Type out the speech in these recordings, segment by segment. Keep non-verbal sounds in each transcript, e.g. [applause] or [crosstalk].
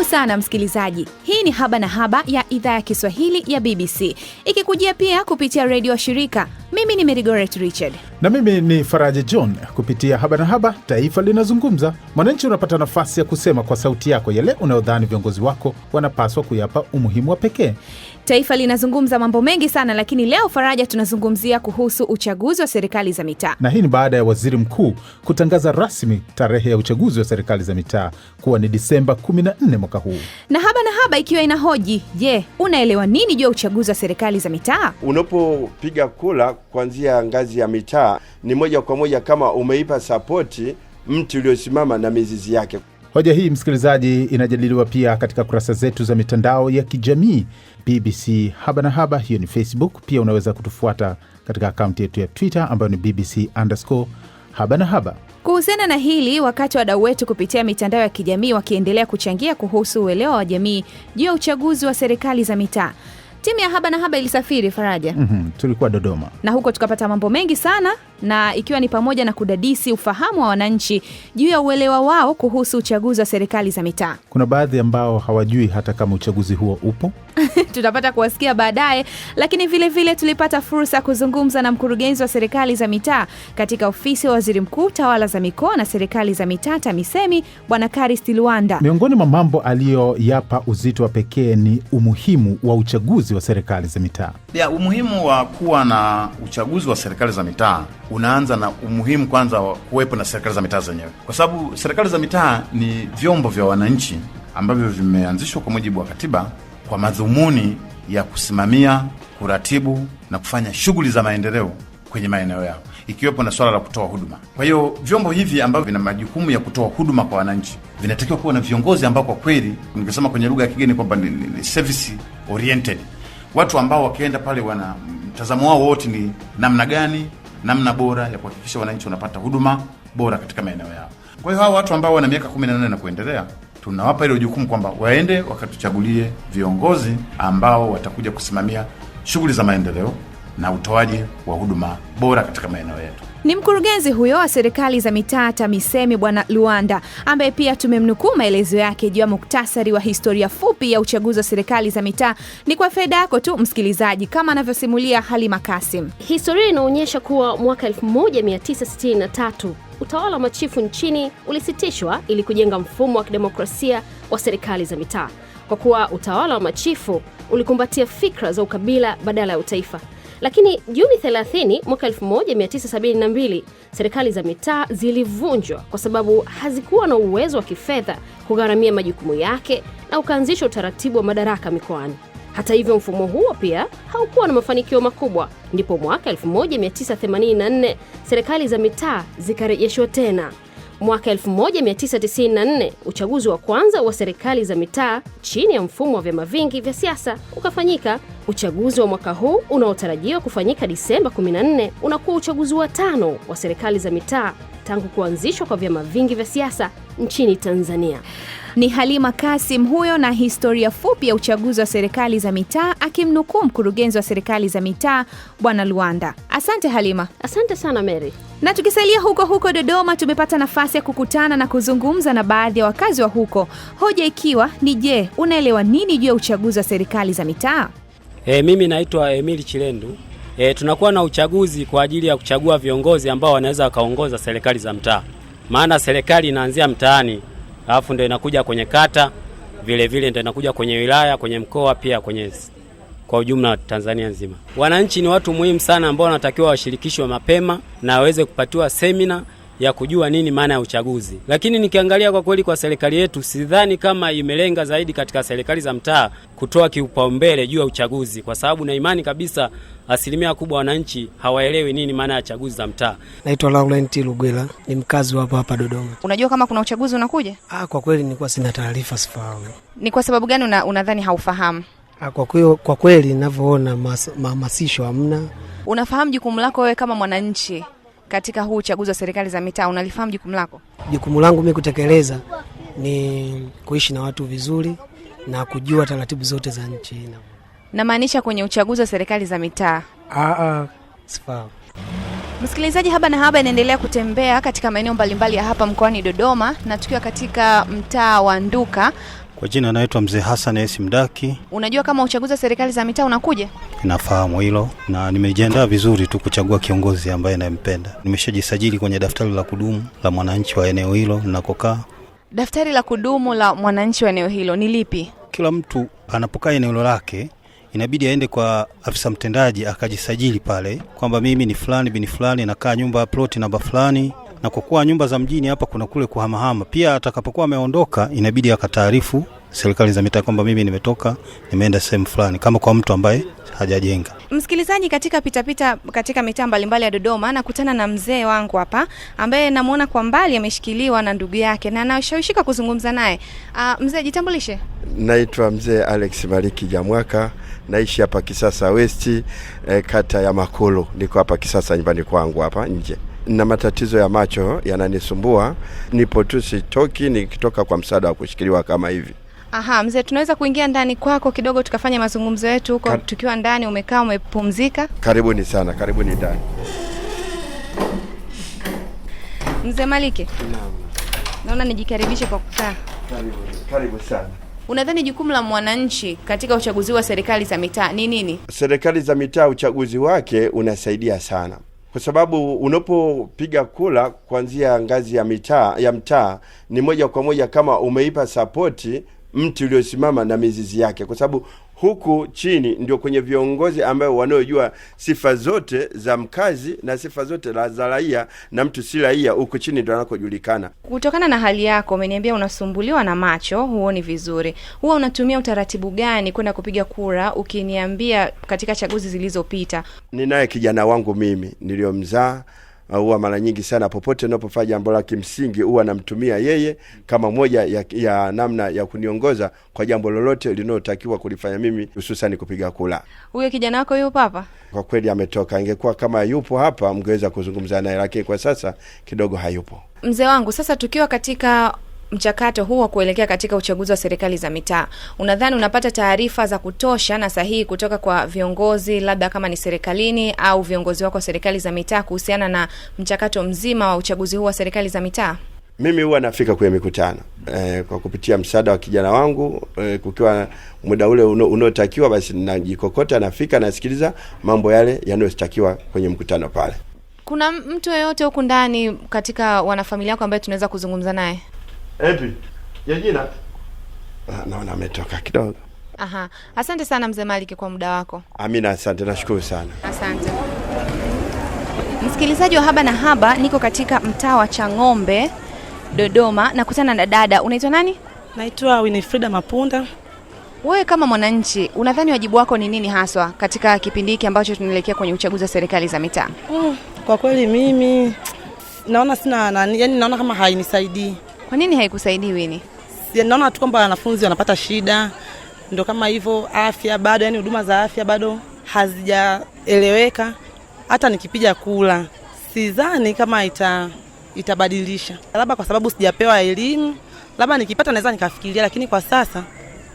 Karibu sana msikilizaji, hii ni Haba na Haba ya idhaa ya Kiswahili ya BBC ikikujia pia kupitia redio shirika. Mimi ni Merigoret Richard na mimi ni Faraja John. Kupitia Haba na Haba, taifa linazungumza. Mwananchi unapata nafasi ya kusema kwa sauti yako yale unayodhani viongozi wako wanapaswa kuyapa umuhimu wa pekee. Taifa linazungumza mambo mengi sana, lakini leo Faraja, tunazungumzia kuhusu uchaguzi wa serikali za mitaa, na hii ni baada ya waziri mkuu kutangaza rasmi tarehe ya uchaguzi wa serikali za mitaa kuwa ni Disemba 14 mwaka huu, na haba na haba ikiwa inahoji je, unaelewa nini juu ya uchaguzi wa serikali za mitaa? Unapopiga kula kuanzia ngazi ya mitaa, ni moja kwa moja kama umeipa sapoti mti uliosimama na mizizi yake. Hoja hii msikilizaji, inajadiliwa pia katika kurasa zetu za mitandao ya kijamii BBC Haba na Haba, hiyo ni Facebook. Pia unaweza kutufuata katika akaunti yetu ya Twitter ambayo ni BBC underscore Haba na Haba. Kuhusiana na hili, wakati wadau wetu kupitia mitandao ya kijamii wakiendelea kuchangia kuhusu uelewa wa jamii juu ya uchaguzi wa serikali za mitaa Timu ya Haba na Haba ilisafiri Faraja. mm -hmm, tulikuwa Dodoma na huko tukapata mambo mengi sana, na ikiwa ni pamoja na kudadisi ufahamu wa wananchi juu ya uelewa wao kuhusu uchaguzi wa serikali za mitaa. [laughs] Kuna baadhi ambao hawajui hata kama uchaguzi huo upo tutapata kuwasikia baadaye, lakini vilevile vile tulipata fursa ya kuzungumza na mkurugenzi wa serikali za mitaa katika ofisi ya waziri mkuu, tawala za mikoa na serikali za mitaa, TAMISEMI, Bwana Karis Tilwanda. Miongoni mwa mambo aliyoyapa uzito wa pekee ni umuhimu wa uchaguzi uchaguzi wa serikali za mitaa. Ya, umuhimu wa kuwa na uchaguzi wa serikali za mitaa unaanza na umuhimu kwanza wa kuwepo na serikali za mitaa zenyewe, kwa sababu serikali za mitaa ni vyombo vya wananchi ambavyo vimeanzishwa kwa mujibu wa katiba kwa madhumuni ya kusimamia, kuratibu na kufanya shughuli za maendeleo kwenye maeneo yao ikiwepo na swala la kutoa huduma. Kwa hiyo vyombo hivi ambavyo vina majukumu ya kutoa huduma kwa wananchi vinatakiwa kuwa na viongozi ambao kwa kweli, nikisema kwenye lugha ya kigeni kwamba ni service oriented watu ambao wakienda pale wana mtazamo wao wote ni namna gani, namna bora ya kuhakikisha wananchi wanapata huduma bora katika maeneo yao. Kwa hiyo hao watu ambao wana miaka 18 na kuendelea tunawapa ile jukumu kwamba waende wakatuchagulie viongozi ambao watakuja kusimamia shughuli za maendeleo na utoaji wa huduma bora katika maeneo yetu. Ni mkurugenzi huyo wa serikali za mitaa TAMISEMI Bwana Luanda ambaye pia tumemnukuu maelezo yake juu ya muktasari wa historia fupi ya uchaguzi wa serikali za mitaa. Ni kwa faida yako tu msikilizaji, kama anavyosimulia Halima Kasim. Historia inaonyesha kuwa mwaka 1963 utawala wa machifu nchini ulisitishwa ili kujenga mfumo wa kidemokrasia wa serikali za mitaa, kwa kuwa utawala wa machifu ulikumbatia fikra za ukabila badala ya utaifa. Lakini Juni 30 mwaka 1972 serikali za mitaa zilivunjwa kwa sababu hazikuwa na uwezo wa kifedha kugharamia majukumu yake na ukaanzisha utaratibu wa madaraka mikoani. Hata hivyo mfumo huo pia haukuwa na mafanikio makubwa, ndipo mwaka 1984 serikali za mitaa zikarejeshwa tena. Mwaka 1994 uchaguzi wa kwanza wa serikali za mitaa chini ya mfumo wa vyama vingi vya siasa ukafanyika Uchaguzi wa mwaka huu unaotarajiwa kufanyika Disemba 14 unakuwa uchaguzi wa tano wa serikali za mitaa tangu kuanzishwa kwa vyama vingi vya siasa nchini Tanzania. Ni Halima Kasim huyo na historia fupi ya uchaguzi wa serikali za mitaa akimnukuu mkurugenzi wa serikali za mitaa Bwana Luanda. Asante Halima. Asante sana Mary. Na tukisalia huko huko Dodoma, tumepata nafasi ya kukutana na kuzungumza na baadhi ya wakazi wa huko, hoja ikiwa ni je, unaelewa nini juu ya uchaguzi wa serikali za mitaa? E, mimi naitwa Emili Chilendu. E, tunakuwa na uchaguzi kwa ajili ya kuchagua viongozi ambao wanaweza wakaongoza serikali za mtaa, maana serikali inaanzia mtaani alafu ndio inakuja kwenye kata, vile vile ndio inakuja kwenye wilaya, kwenye mkoa, pia kwenye kwa ujumla Tanzania nzima. Wananchi ni watu muhimu sana ambao wanatakiwa washirikishwe mapema na waweze kupatiwa semina ya kujua nini maana ya uchaguzi. Lakini nikiangalia kwa kweli, kwa serikali yetu sidhani kama imelenga zaidi katika serikali za mtaa kutoa kipaumbele juu ya uchaguzi, kwa sababu na imani kabisa asilimia kubwa wananchi hawaelewi nini maana ya chaguzi za mtaa. Naitwa Laurent Lugwela, ni mkazi wa hapa hapa Dodoma. Unajua kama kuna uchaguzi unakuja? Ah, kwa kweli nilikuwa sina taarifa, sifahamu. Ni kwa sababu gani unadhani una haufahamu? Ah, kwa kweli, kwa kweli ninavyoona, mahamasisho hamna. Unafahamu jukumu lako wewe kama mwananchi katika huu uchaguzi wa serikali za mitaa, unalifahamu jukumu lako? Jukumu langu mimi kutekeleza ni kuishi na watu vizuri na kujua taratibu zote za nchi. Namaanisha kwenye uchaguzi wa serikali za mitaa. Ah, ah, Msikilizaji, Haba na Haba inaendelea kutembea katika maeneo mbalimbali ya hapa mkoani Dodoma, na tukiwa katika mtaa wa Nduka kwa jina naitwa Mzee Hassan S. Mdaki. Unajua kama uchaguzi wa serikali za mitaa unakuja? Nafahamu hilo na nimejiandaa vizuri tu kuchagua kiongozi ambaye nampenda. Nimeshajisajili kwenye daftari la kudumu la mwananchi wa eneo hilo ninakokaa. Daftari la kudumu la mwananchi wa eneo hilo ni lipi? Kila mtu anapokaa eneo lake inabidi aende kwa afisa mtendaji akajisajili pale kwamba mimi ni fulani bini fulani, nakaa nyumba ya ploti namba fulani na kwa kuwa nyumba za mjini hapa kuna kule kuhamahama pia, atakapokuwa ameondoka inabidi akataarifu serikali za mitaa kwamba mimi nimetoka nimeenda sehemu fulani, kama kwa mtu ambaye hajajenga. Msikilizaji, katika pitapita pita katika mitaa mbalimbali ya Dodoma, nakutana na mzee wangu hapa ambaye namwona kwa mbali ameshikiliwa na ndugu yake na anashawishika kuzungumza naye. Uh, mzee jitambulishe. Naitwa mzee Alex mariki Jamwaka, naishi hapa Kisasa West, eh, kata ya Makolo. Niko hapa Kisasa nyumbani kwangu hapa nje na matatizo ya macho yananisumbua, nipo tu sitoki, nikitoka kwa msaada wa kushikiliwa kama hivi. Aha, mzee, tunaweza kuingia ndani kwako kidogo tukafanya mazungumzo yetu huko Kar... tukiwa ndani, umekaa umepumzika. Karibuni sana, karibuni ndani. Mzee Malike, naam, naona nijikaribishe kwa kukaa. Karibu, karibu sana. Unadhani jukumu la mwananchi katika uchaguzi wa serikali za mitaa ni nini? Serikali za mitaa uchaguzi wake unasaidia sana kwa sababu unapopiga kula kuanzia ngazi ya mitaa ya mtaa ni moja kwa moja kama umeipa sapoti mti uliosimama na mizizi yake, kwa sababu huku chini ndio kwenye viongozi ambayo wanaojua sifa zote za mkazi na sifa zote la za raia na mtu si raia, huku chini ndio anakojulikana. Kutokana na hali yako, umeniambia unasumbuliwa na macho, huoni vizuri, huwa unatumia utaratibu gani kwenda kupiga kura? Ukiniambia katika chaguzi zilizopita, ninaye kijana wangu mimi niliyomzaa huwa mara nyingi sana popote unapofanya jambo la kimsingi huwa namtumia yeye kama moja ya, ya namna ya kuniongoza kwa jambo lolote linalotakiwa kulifanya mimi, hususani kupiga kula. Huyo kijana wako yupo hapa? Kwa kweli ametoka, ingekuwa kama yupo hapa mngeweza kuzungumza naye, lakini kwa sasa kidogo hayupo. Mzee wangu, sasa tukiwa katika mchakato huu wa kuelekea katika uchaguzi wa serikali za mitaa, unadhani unapata taarifa za kutosha na sahihi kutoka kwa viongozi, labda kama ni serikalini au viongozi wako wa serikali za mitaa kuhusiana na mchakato mzima wa uchaguzi huu wa serikali za mitaa? Mimi huwa nafika kwenye mikutano e, kwa kupitia msaada wa kijana wangu e, kukiwa muda ule unaotakiwa basi najikokota, nafika, nasikiliza mambo yale yanayotakiwa kwenye mkutano pale. Kuna mtu yeyote huku ndani katika wanafamilia yako ambaye tunaweza kuzungumza naye? Epi. Ya jina? Ah, naona ametoka kidogo. Aha. Asante sana Mzee Maliki kwa muda wako. Amina, asante, nashukuru sana. Asante. Msikilizaji wa Haba na Haba, niko katika mtaa wa Chang'ombe Dodoma, nakutana na dada. Unaitwa nani? Naitwa Winifrida Mapunda. Wewe kama mwananchi unadhani wajibu wako ni nini haswa katika kipindi hiki ambacho tunaelekea kwenye uchaguzi wa serikali za mitaa? Oh, kwa kweli mimi naona sina nani, yani naona kama hainisaidii kwa nini haikusaidii Wini? Naona tu kwamba wanafunzi wanapata shida, ndo kama hivyo. Afya bado, yani huduma za afya bado hazijaeleweka. Hata nikipiga kula sidhani kama ita itabadilisha, labda kwa sababu sijapewa elimu, labda nikipata naweza nikafikiria, lakini kwa sasa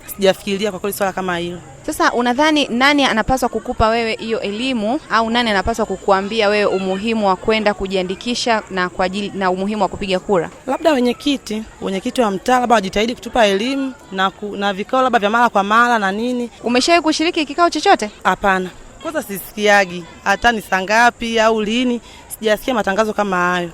sijafikiria kwa kweli swala kama hilo. Sasa unadhani nani anapaswa kukupa wewe hiyo elimu au nani anapaswa kukuambia wewe umuhimu wa kwenda kujiandikisha na kwa ajili na umuhimu wa kupiga kura? Labda wenyekiti, wenyekiti wa mtaa labda wajitahidi kutupa elimu na, ku, na vikao labda vya mara kwa mara na nini. Umeshawahi kushiriki kikao chochote? Hapana. Kwanza sisikiagi hata ni saa ngapi au lini, sijasikia matangazo kama hayo.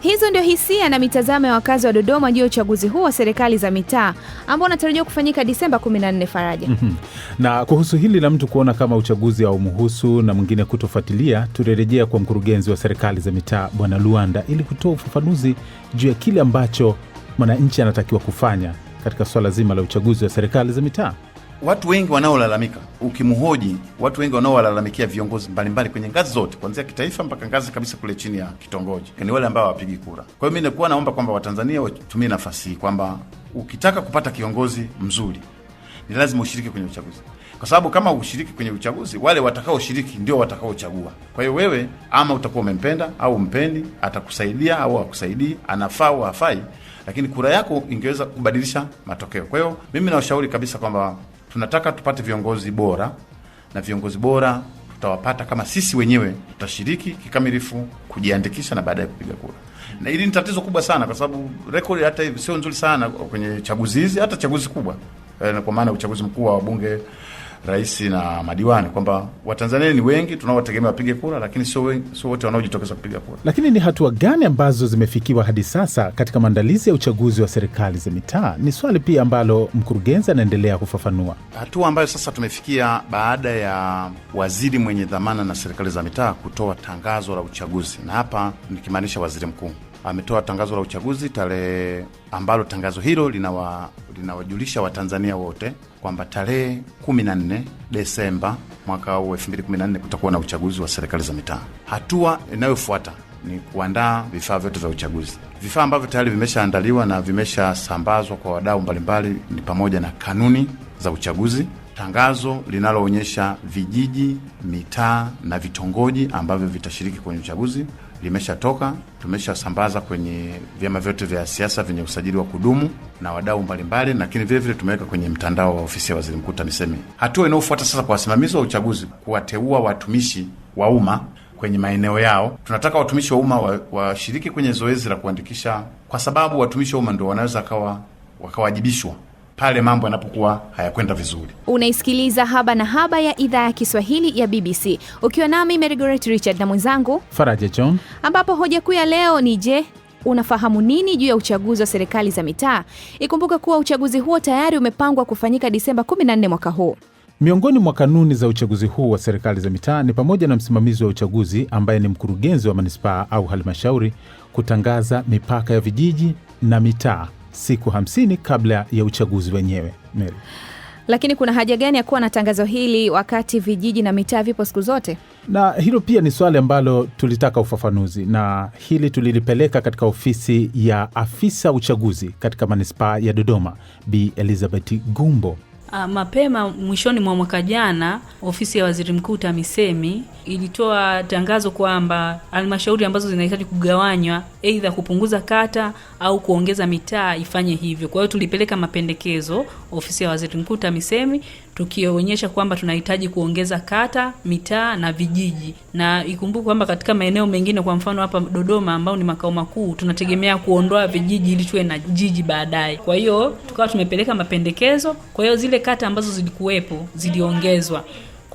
Hizo ndio hisia na mitazamo ya wakazi wa Dodoma juu ya uchaguzi huu wa serikali za mitaa ambao unatarajiwa kufanyika Disemba 14. Faraja, mm -hmm. na kuhusu hili la mtu kuona kama uchaguzi haumhusu na mwingine kutofuatilia, tulirejea kwa mkurugenzi wa serikali za mitaa Bwana Luanda ili kutoa ufafanuzi juu ya kile ambacho mwananchi anatakiwa kufanya katika swala zima la uchaguzi wa serikali za mitaa watu wengi wanaolalamika, ukimhoji watu wengi wanaowalalamikia viongozi mbalimbali kwenye ngazi zote, kwanzia kitaifa mpaka ngazi kabisa kule chini ya kitongoji, ni wale ambao hawapigi kura. Kwa hiyo mi nikuwa naomba kwamba Watanzania watumie nafasi hii kwamba ukitaka kupata kiongozi mzuri ni lazima ushiriki kwenye uchaguzi, kwa sababu kama ushiriki kwenye uchaguzi, wale watakaoshiriki ndio watakaochagua. Kwa hiyo wewe, ama utakuwa umempenda au mpendi atakusaidia au akusaidii anafaa au hafai, lakini kura yako ingeweza kubadilisha matokeo. Kwa hiyo mimi nawashauri kabisa kwamba Tunataka tupate viongozi bora, na viongozi bora tutawapata kama sisi wenyewe tutashiriki kikamilifu kujiandikisha na baadaye kupiga kura. Na hili ni tatizo kubwa sana, kwa sababu rekodi hata hivi sio nzuri sana kwenye chaguzi hizi, hata chaguzi kubwa, eh, kwa maana uchaguzi mkuu wa wabunge rais na madiwani kwamba Watanzania ni wengi tunaowategemea wapige kura, lakini sio sio wote wanaojitokeza kupiga kura. Lakini ni hatua gani ambazo zimefikiwa hadi sasa katika maandalizi ya uchaguzi wa serikali za mitaa? Ni swali pia ambalo mkurugenzi anaendelea kufafanua. Hatua ambayo sasa tumefikia baada ya waziri mwenye dhamana na serikali za mitaa kutoa tangazo la uchaguzi, na hapa nikimaanisha waziri mkuu ametoa tangazo la uchaguzi tarehe, ambalo tangazo hilo linawa, linawajulisha Watanzania wote kwamba tarehe 14 Desemba mwaka huu 2014 kutakuwa na uchaguzi wa serikali za mitaa. Hatua inayofuata ni kuandaa vifaa vyote vya uchaguzi. Vifaa ambavyo tayari vimeshaandaliwa na vimeshasambazwa kwa wadau mbalimbali ni pamoja na kanuni za uchaguzi, tangazo linaloonyesha vijiji, mitaa na vitongoji ambavyo vitashiriki kwenye uchaguzi, limeshatoka, tumeshasambaza kwenye vyama vyote vya siasa vyenye usajili wa kudumu na wadau mbalimbali, lakini vilevile tumeweka kwenye mtandao wa ofisi ya waziri mkuu TAMISEMI. Hatua inayofuata sasa kwa wasimamizi wa uchaguzi kuwateua watumishi wa umma kwenye maeneo yao. Tunataka watumishi wa umma washiriki wa kwenye zoezi la kuandikisha, kwa sababu watumishi wa umma ndio wanaweza wakawajibishwa pale mambo yanapokuwa hayakwenda vizuri. Unaisikiliza Haba na Haba ya idhaa ya Kiswahili ya BBC ukiwa nami merigoret Richard na mwenzangu Faraja John, ambapo hoja kuu ya leo ni je, unafahamu nini juu ya uchaguzi wa serikali za mitaa? Ikumbuka kuwa uchaguzi huo tayari umepangwa kufanyika Disemba 14 mwaka huu. Miongoni mwa kanuni za uchaguzi huu wa serikali za mitaa ni pamoja na msimamizi wa uchaguzi ambaye ni mkurugenzi wa manispaa au halmashauri kutangaza mipaka ya vijiji na mitaa siku hamsini kabla ya uchaguzi wenyewe. Mary, lakini kuna haja gani ya kuwa na tangazo hili wakati vijiji na mitaa vipo siku zote? Na hilo pia ni swali ambalo tulitaka ufafanuzi, na hili tulilipeleka katika ofisi ya afisa uchaguzi katika manispaa ya Dodoma, Bi Elizabeth Gumbo A, ah, mapema mwishoni mwa mwaka jana ofisi ya waziri mkuu TAMISEMI ilitoa tangazo kwamba halmashauri ambazo zinahitaji kugawanywa, aidha kupunguza kata au kuongeza mitaa ifanye hivyo. Kwa hiyo tulipeleka mapendekezo ofisi ya waziri mkuu TAMISEMI tukionyesha kwamba tunahitaji kuongeza kata, mitaa na vijiji. Na ikumbuke kwamba katika maeneo mengine, kwa mfano hapa Dodoma ambao ni makao makuu, tunategemea kuondoa vijiji ili tuwe na jiji baadaye. Kwa hiyo tukawa tumepeleka mapendekezo, kwa hiyo zile kata ambazo zilikuwepo ziliongezwa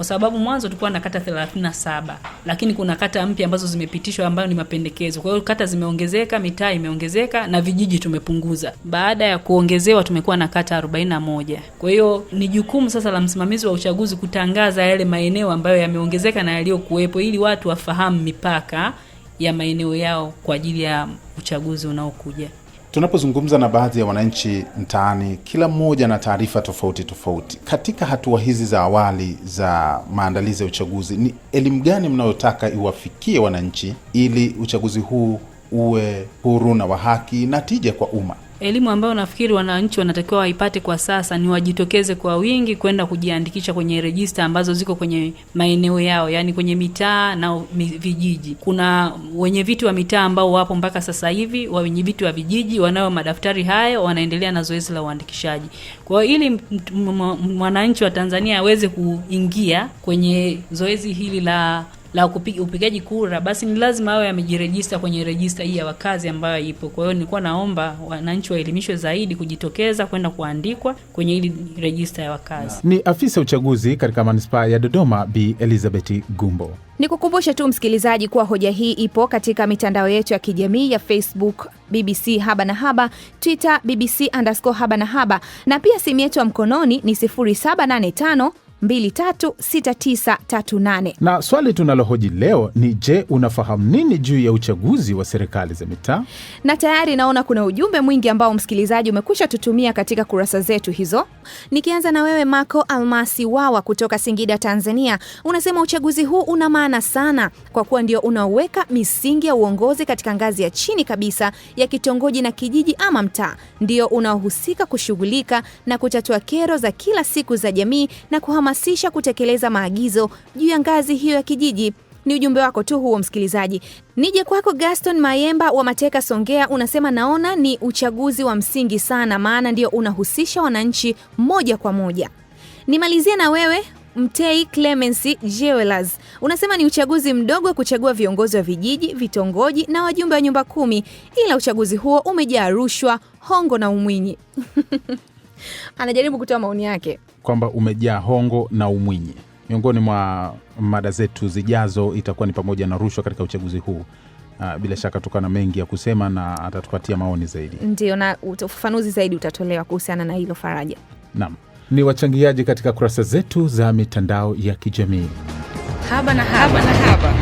kwa sababu mwanzo tulikuwa na kata 37 lakini kuna kata mpya ambazo zimepitishwa ambayo ni mapendekezo. Kwa hiyo kata zimeongezeka, mitaa imeongezeka na vijiji tumepunguza. Baada ya kuongezewa tumekuwa na kata 41. Kwa hiyo ni jukumu sasa la msimamizi wa uchaguzi kutangaza yale maeneo ambayo yameongezeka na yaliyokuwepo ili watu wafahamu mipaka ya maeneo yao kwa ajili ya uchaguzi unaokuja. Tunapozungumza na baadhi ya wananchi mtaani, kila mmoja na taarifa tofauti tofauti. Katika hatua hizi za awali za maandalizi ya uchaguzi, ni elimu gani mnayotaka iwafikie wananchi ili uchaguzi huu uwe huru na wa haki na tija kwa umma? Elimu ambayo nafikiri wananchi wanatakiwa waipate kwa sasa ni wajitokeze kwa wingi kwenda kujiandikisha kwenye rejista ambazo ziko kwenye maeneo yao, yaani kwenye mitaa na vijiji. Kuna wenye viti wa mitaa ambao wapo mpaka sasa hivi, wenye viti wa vijiji wanayo madaftari hayo, wanaendelea na zoezi la uandikishaji. Kwa hiyo ili mwananchi wa Tanzania aweze kuingia kwenye zoezi hili la la upigaji kura, basi ni lazima awe amejirejista kwenye rejista hii ya wakazi ambayo ipo. Kwa hiyo nilikuwa naomba wananchi waelimishwe zaidi kujitokeza kwenda kuandikwa kwenye hili rejista ya wakazi. Ni afisa uchaguzi katika manispaa ya Dodoma Bi Elizabeth Gumbo. Nikukumbushe tu msikilizaji kuwa hoja hii ipo katika mitandao yetu ya kijamii ya Facebook BBC Haba na Haba, Twitter BBC underscore Haba na Haba, na pia simu yetu ya mkononi ni 0785 236938. Na swali tunalohoji leo ni je, unafahamu nini juu ya uchaguzi wa serikali za mitaa? Na tayari naona kuna ujumbe mwingi ambao msikilizaji umekwisha tutumia katika kurasa zetu hizo. Nikianza na wewe Mako Almasi Wawa kutoka Singida, Tanzania, unasema uchaguzi huu una maana sana kwa kuwa ndio unaoweka misingi ya uongozi katika ngazi ya chini kabisa ya kitongoji na kijiji ama mtaa, ndio unaohusika kushughulika na kutatua kero za kila siku za jamii na kuhama kuhamasisha kutekeleza maagizo juu ya ngazi hiyo ya kijiji. Ni ujumbe wako tu huo, msikilizaji. Nije kwako Gaston Mayemba wa Mateka, Songea, unasema naona ni uchaguzi wa msingi sana, maana ndio unahusisha wananchi moja kwa moja. Nimalizie na wewe Mtei Clemency Jewelers unasema ni uchaguzi mdogo wa kuchagua viongozi wa vijiji, vitongoji na wajumbe wa nyumba kumi, ila uchaguzi huo umejaa rushwa, hongo na umwinyi [laughs] [laughs] anajaribu kutoa maoni yake kwamba umejaa hongo na umwinyi. Miongoni mwa mada zetu zijazo itakuwa ni pamoja na rushwa katika uchaguzi huu. Uh, bila shaka tukana mengi ya kusema na atatupatia maoni zaidi, ndio na ufafanuzi zaidi utatolewa kuhusiana na hilo. Faraja nam ni wachangiaji katika kurasa zetu za mitandao ya kijamii haba na haba na haba.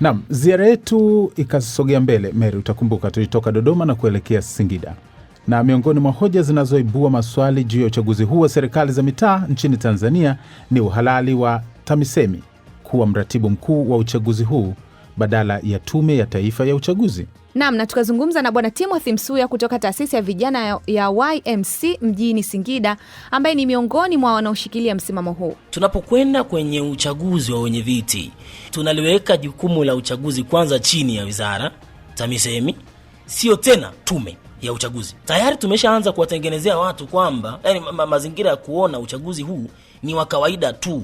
Naam, ziara yetu ikasogea mbele. Meri, utakumbuka tulitoka Dodoma na kuelekea Singida. Na miongoni mwa hoja zinazoibua maswali juu ya uchaguzi huu wa serikali za mitaa nchini Tanzania ni uhalali wa TAMISEMI kuwa mratibu mkuu wa uchaguzi huu badala ya Tume ya Taifa ya Uchaguzi. Naam, na tukazungumza na Bwana Timothy Msuya kutoka taasisi ya vijana ya YMC mjini Singida, ambaye ni miongoni mwa wanaoshikilia msimamo huu. Tunapokwenda kwenye uchaguzi wa wenye viti, tunaliweka jukumu la uchaguzi kwanza chini ya wizara TAMISEMI, sio tena tume ya uchaguzi. Tayari tumeshaanza kuwatengenezea watu kwamba yani ma ma mazingira ya kuona uchaguzi huu ni wa kawaida tu.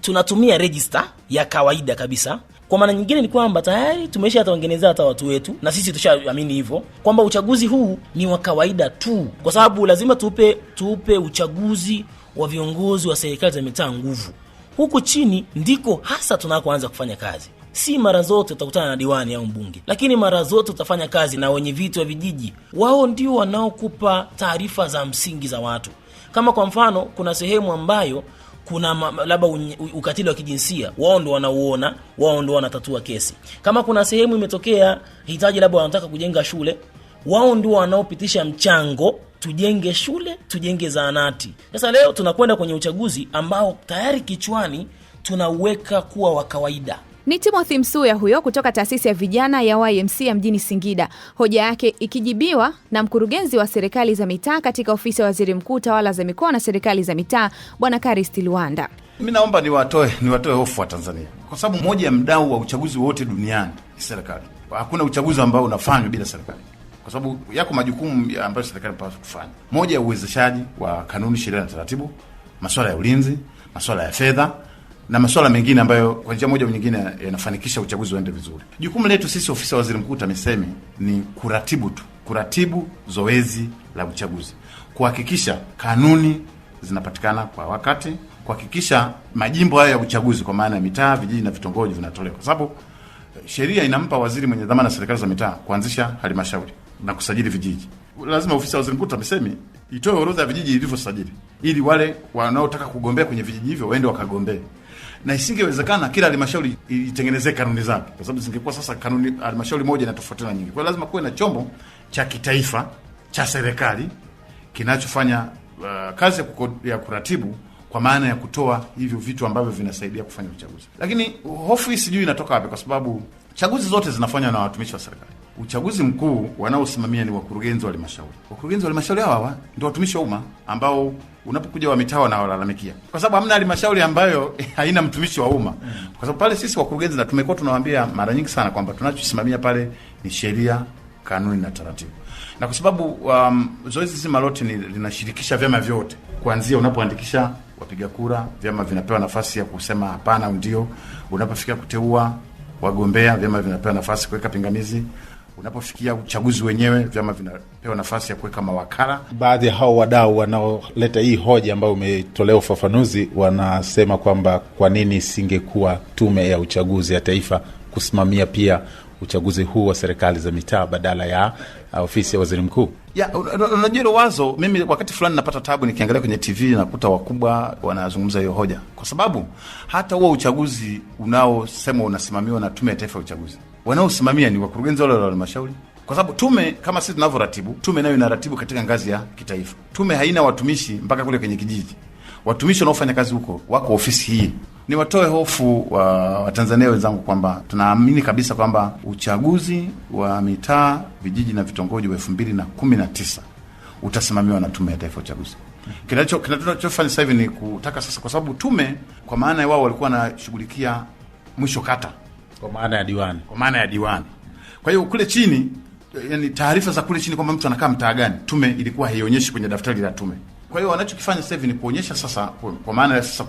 Tunatumia rejista ya kawaida kabisa. Kwa maana nyingine ni kwamba tayari tumeshatengenezea hata watu wetu, na sisi tushaamini hivyo kwamba uchaguzi huu ni wa kawaida tu, kwa sababu lazima tupe tupe uchaguzi wa viongozi wa serikali za mitaa nguvu. Huku chini ndiko hasa tunakoanza kufanya kazi si mara zote utakutana na diwani au mbunge, lakini mara zote utafanya kazi na wenye viti wa vijiji. Wao ndio wanaokupa taarifa za msingi za watu. Kama kwa mfano, kuna sehemu ambayo kuna labda ukatili wa kijinsia, wao ndo wanauona, wao ndo wanatatua kesi. Kama kuna sehemu imetokea hitaji labda wanataka kujenga shule, wao ndio wanaopitisha mchango tujenge shule, tujenge zaanati Sasa leo tunakwenda kwenye uchaguzi ambao tayari kichwani tunauweka kuwa wa kawaida. Ni Timothy Msuya huyo kutoka taasisi ya vijana ya YMC ya mjini Singida, hoja yake ikijibiwa na mkurugenzi wa serikali za mitaa katika ofisi ya waziri mkuu, tawala za mikoa na serikali za mitaa, Bwana Karisti Luanda. Mi naomba niwatoe niwatoe hofu wa Tanzania, kwa sababu moja ya mdau wa uchaguzi wote duniani ni serikali. Hakuna uchaguzi ambao unafanywa bila serikali kwa sababu yako majukumu ambayo serikali inapaswa kufanya. Moja ya uwezeshaji wa kanuni, sheria na taratibu, masuala ya ulinzi, masuala ya fedha, na masuala mengine ambayo kwa njia moja nyingine yanafanikisha uchaguzi uende vizuri. Jukumu letu sisi ofisi ya waziri mkuu TAMISEMI ni kuratibu tu, kuratibu zoezi la uchaguzi, kuhakikisha kanuni zinapatikana kwa wakati, kuhakikisha majimbo hayo ya uchaguzi kwa maana ya mitaa, vijiji na vitongoji vinatolewa, kwa sababu eh, sheria inampa waziri mwenye dhamana serikali za mitaa kuanzisha halmashauri na kusajili vijiji. Lazima ofisi ya waziri mkuu TAMISEMI itoe orodha ya vijiji ilivyosajili, ili wale wanaotaka kugombea kwenye vijiji hivyo waende wakagombee na isingewezekana kila halmashauri itengenezee kanuni zake, kwa sababu zingekuwa sasa kanuni halmashauri moja inatofautiana nyingi. Kwa hiyo lazima kuwe na chombo cha kitaifa cha serikali kinachofanya uh, kazi ya kuratibu kwa maana ya kutoa hivyo vitu ambavyo vinasaidia kufanya uchaguzi. Lakini hofu hii sijui inatoka wapi, kwa sababu chaguzi zote zinafanywa na watumishi wa serikali uchaguzi mkuu wanaosimamia ni wakurugenzi wa halmashauri. Wakurugenzi wa halmashauri hawa ndio watumishi wa umma ambao unapokuja wa mitaa wanawalalamikia, kwa sababu hamna halmashauri ambayo [laughs] haina mtumishi wa umma, kwa sababu pale sisi wakurugenzi, na tumekuwa tunawaambia mara nyingi sana kwamba tunachosimamia pale ni sheria, kanuni na taratibu, na kwa sababu um, zoezi zima lote linashirikisha vyama vyote, kuanzia unapoandikisha wapiga kura, vyama vinapewa nafasi ya kusema hapana, ndio. Unapofika kuteua wagombea, vyama vinapewa nafasi kuweka pingamizi Unapofikia uchaguzi wenyewe, vyama vinapewa nafasi ya kuweka mawakala. Baadhi ya hao wadau wanaoleta hii hoja ambayo umetolea ufafanuzi, wanasema kwamba kwa nini isingekuwa tume ya uchaguzi ya taifa kusimamia pia uchaguzi huu wa serikali za mitaa badala ya uh, ofisi ya waziri mkuu. Unajua hilo wazo, mimi wakati fulani napata tabu nikiangalia kwenye TV nakuta wakubwa wanazungumza hiyo hoja, kwa sababu hata huo uchaguzi unaosemwa unasimamiwa na tume ya taifa ya uchaguzi wanaosimamia ni wakurugenzi wale wa halmashauri kwa sababu tume kama sisi tunavyoratibu, tume nayo inaratibu katika ngazi ya kitaifa. Tume haina watumishi mpaka kule kwenye kijiji. Watumishi wanaofanya kazi huko wako ofisi hii. Niwatoe hofu wa Watanzania wenzangu kwamba tunaamini kabisa kwamba uchaguzi wa mitaa, vijiji na vitongoji wa elfu mbili na kumi na tisa utasimamiwa na Tume ya Taifa ya Uchaguzi. Kinachofanya sasa hivi ni kutaka sasa, kwa sababu tume, kwa maana wao walikuwa wanashughulikia mwisho kata kwa maana ya diwani, kwa maana ya diwani. Kwa hiyo kule chini, yani taarifa za kule chini kwamba mtu anakaa mtaa gani, tume ilikuwa haionyeshi kwenye daftari la tume. Kwa hiyo wanachokifanya sasa hivi ni kuonyesha sasa, kwa maana ya sasa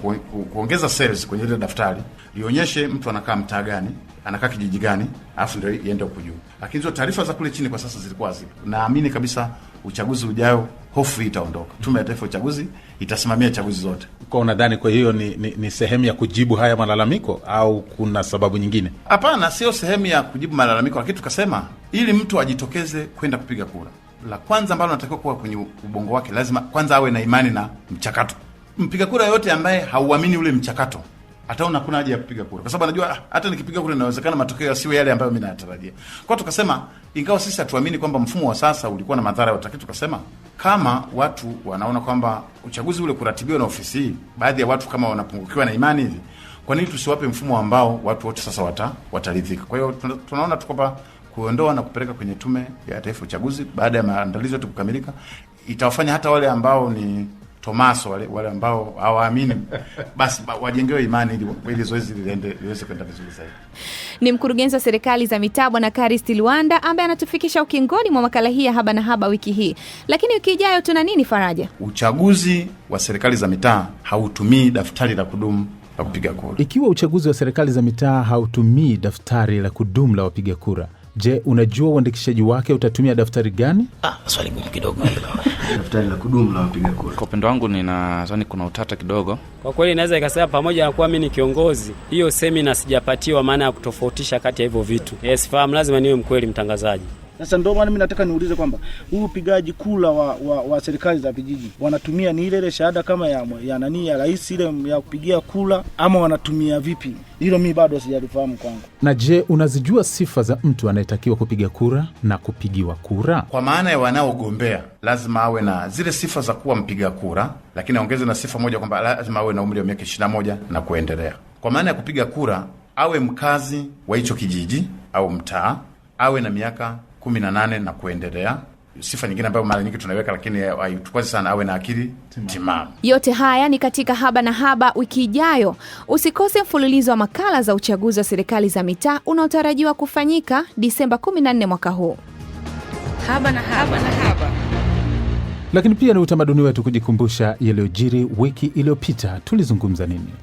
kuongeza sales kwenye ile daftari lionyeshe mtu anakaa mtaa gani, anakaa kijiji gani, alafu ndio iende huko juu. Lakini hizo taarifa za kule chini kwa sasa zilikuwa zipo. Naamini kabisa uchaguzi ujao hofu itaondoka. Tume ya Taifa ya Uchaguzi itasimamia chaguzi zote. Kwa unadhani kwa hiyo ni, ni, ni sehemu ya kujibu haya malalamiko au kuna sababu nyingine? Hapana, sio sehemu ya kujibu malalamiko, lakini tukasema ili mtu ajitokeze kwenda kupiga kura, la kwanza ambalo natakiwa kuwa kwenye ubongo wake, lazima kwanza awe na imani na mchakato. Mpiga kura yoyote ambaye hauamini ule mchakato ataona kuna haja ya kupiga kura, kwa sababu anajua ah, hata nikipiga kura inawezekana matokeo yasiwe yale ambayo mimi nayatarajia. Kwa tukasema, ingawa sisi hatuamini kwamba mfumo wa sasa ulikuwa na madhara, lakini tukasema kama watu wanaona kwamba uchaguzi ule kuratibiwa na ofisi hii, baadhi ya watu kama wanapungukiwa na imani hivi, kwa nini tusiwape mfumo ambao watu wote sasa wata wataridhika? Kwa hiyo tunaona tu kwamba kuondoa na kupeleka kwenye Tume ya Taifa Uchaguzi baada ya maandalizi yote kukamilika itawafanya hata wale ambao ni Tomaso wale, wale ambao hawaamini basi wajengewe imani ili, zoezi liweze kwenda vizuri zaidi. Ni mkurugenzi wa serikali za mitaa Bwana Karisti Luanda ambaye anatufikisha ukingoni mwa makala hii ya Haba na Haba wiki hii, lakini wiki ijayo tuna nini, Faraja? Uchaguzi wa serikali za mitaa hautumii daftari la kudumu la kupiga kura. Ikiwa uchaguzi wa serikali za mitaa hautumii daftari la kudumu la wapiga kura Je, unajua uandikishaji wake utatumia daftari gani? Ah, swali gumu kidogo hilo. [laughs] daftari la kudumu la wapiga kura. Kwa upendo wangu ninadhani kuna utata kidogo. Kwa kweli naweza ikasema pamoja na kuwa mimi ni kiongozi, hiyo semina sijapatiwa maana ya kutofautisha kati ya hivyo vitu. Yes, fahamu lazima niwe mkweli mtangazaji. Sasa ndio maana mimi nataka niulize kwamba huu upigaji kula wa, wa, wa serikali za vijiji wanatumia ni ile ile shahada kama ya, ya nani ya rais ile ya kupigia kula ama wanatumia vipi? Hilo mimi bado sijalifahamu kwangu. Na je, unazijua sifa za mtu anayetakiwa kupiga kura na kupigiwa kura? Kwa maana ya wanaogombea, lazima awe na zile sifa za kuwa mpiga kura, lakini aongeze na sifa moja kwamba lazima awe na umri wa miaka 21 na kuendelea. Kwa maana ya kupiga kura, awe mkazi wa hicho kijiji au mtaa, awe na miaka 18 na kuendelea. Sifa nyingine ambayo mara nyingi tunaiweka lakini haitukwazi sana, awe na akili timamu. Yote haya ni katika Haba na Haba wiki ijayo. Usikose mfululizo wa makala za uchaguzi wa serikali za mitaa unaotarajiwa kufanyika Disemba 14 mwaka huu. Haba na Haba na Haba. Lakini pia ni utamaduni wetu kujikumbusha yaliyojiri wiki iliyopita. Tulizungumza nini?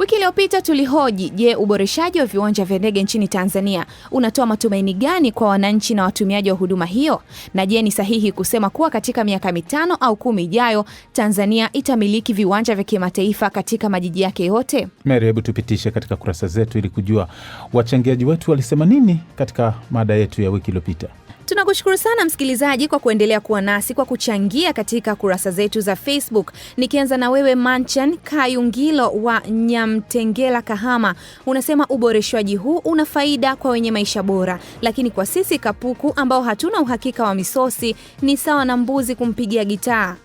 Wiki iliyopita tulihoji, je, uboreshaji wa viwanja vya ndege nchini Tanzania unatoa matumaini gani kwa wananchi na watumiaji wa huduma hiyo? Na je, ni sahihi kusema kuwa katika miaka mitano au kumi ijayo Tanzania itamiliki viwanja vya kimataifa katika majiji yake yote? Mary, hebu tupitishe katika kurasa zetu ili kujua wachangiaji wetu walisema nini katika mada yetu ya wiki iliyopita. Tunakushukuru sana msikilizaji kwa kuendelea kuwa nasi kwa kuchangia katika kurasa zetu za Facebook. Nikianza na wewe Manchan Kayungilo wa Nyamtengela, Kahama, unasema uboreshwaji huu una faida kwa wenye maisha bora, lakini kwa sisi kapuku ambao hatuna uhakika wa misosi ni sawa na mbuzi kumpigia gitaa.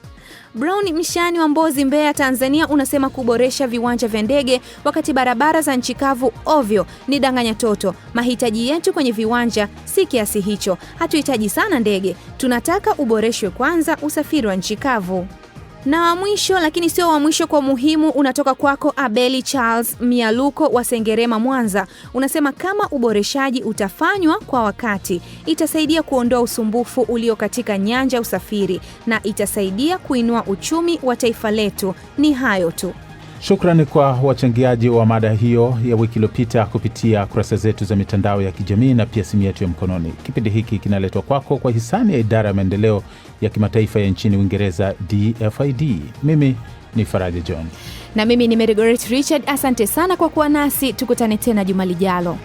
Brown Mshani wa Mbozi, Mbeya, Tanzania, unasema kuboresha viwanja vya ndege wakati barabara za nchi kavu ovyo ni danganya toto. Mahitaji yetu kwenye viwanja si kiasi hicho, hatuhitaji sana ndege, tunataka uboreshwe kwanza usafiri wa nchi kavu. Na wa mwisho lakini sio wa mwisho kwa muhimu, unatoka kwako Abeli Charles Mialuko wa Sengerema, Mwanza. Unasema kama uboreshaji utafanywa kwa wakati, itasaidia kuondoa usumbufu ulio katika nyanja ya usafiri na itasaidia kuinua uchumi wa taifa letu. Ni hayo tu. Shukrani kwa wachangiaji wa mada hiyo ya wiki iliyopita kupitia kurasa zetu za mitandao ya kijamii na pia simu yetu ya mkononi. Kipindi hiki kinaletwa kwako kwa hisani ya idara ya maendeleo ya kimataifa ya nchini Uingereza, DFID. Mimi ni Faraja John na mimi ni Merigoret Richard. Asante sana kwa kuwa nasi, tukutane tena juma lijalo.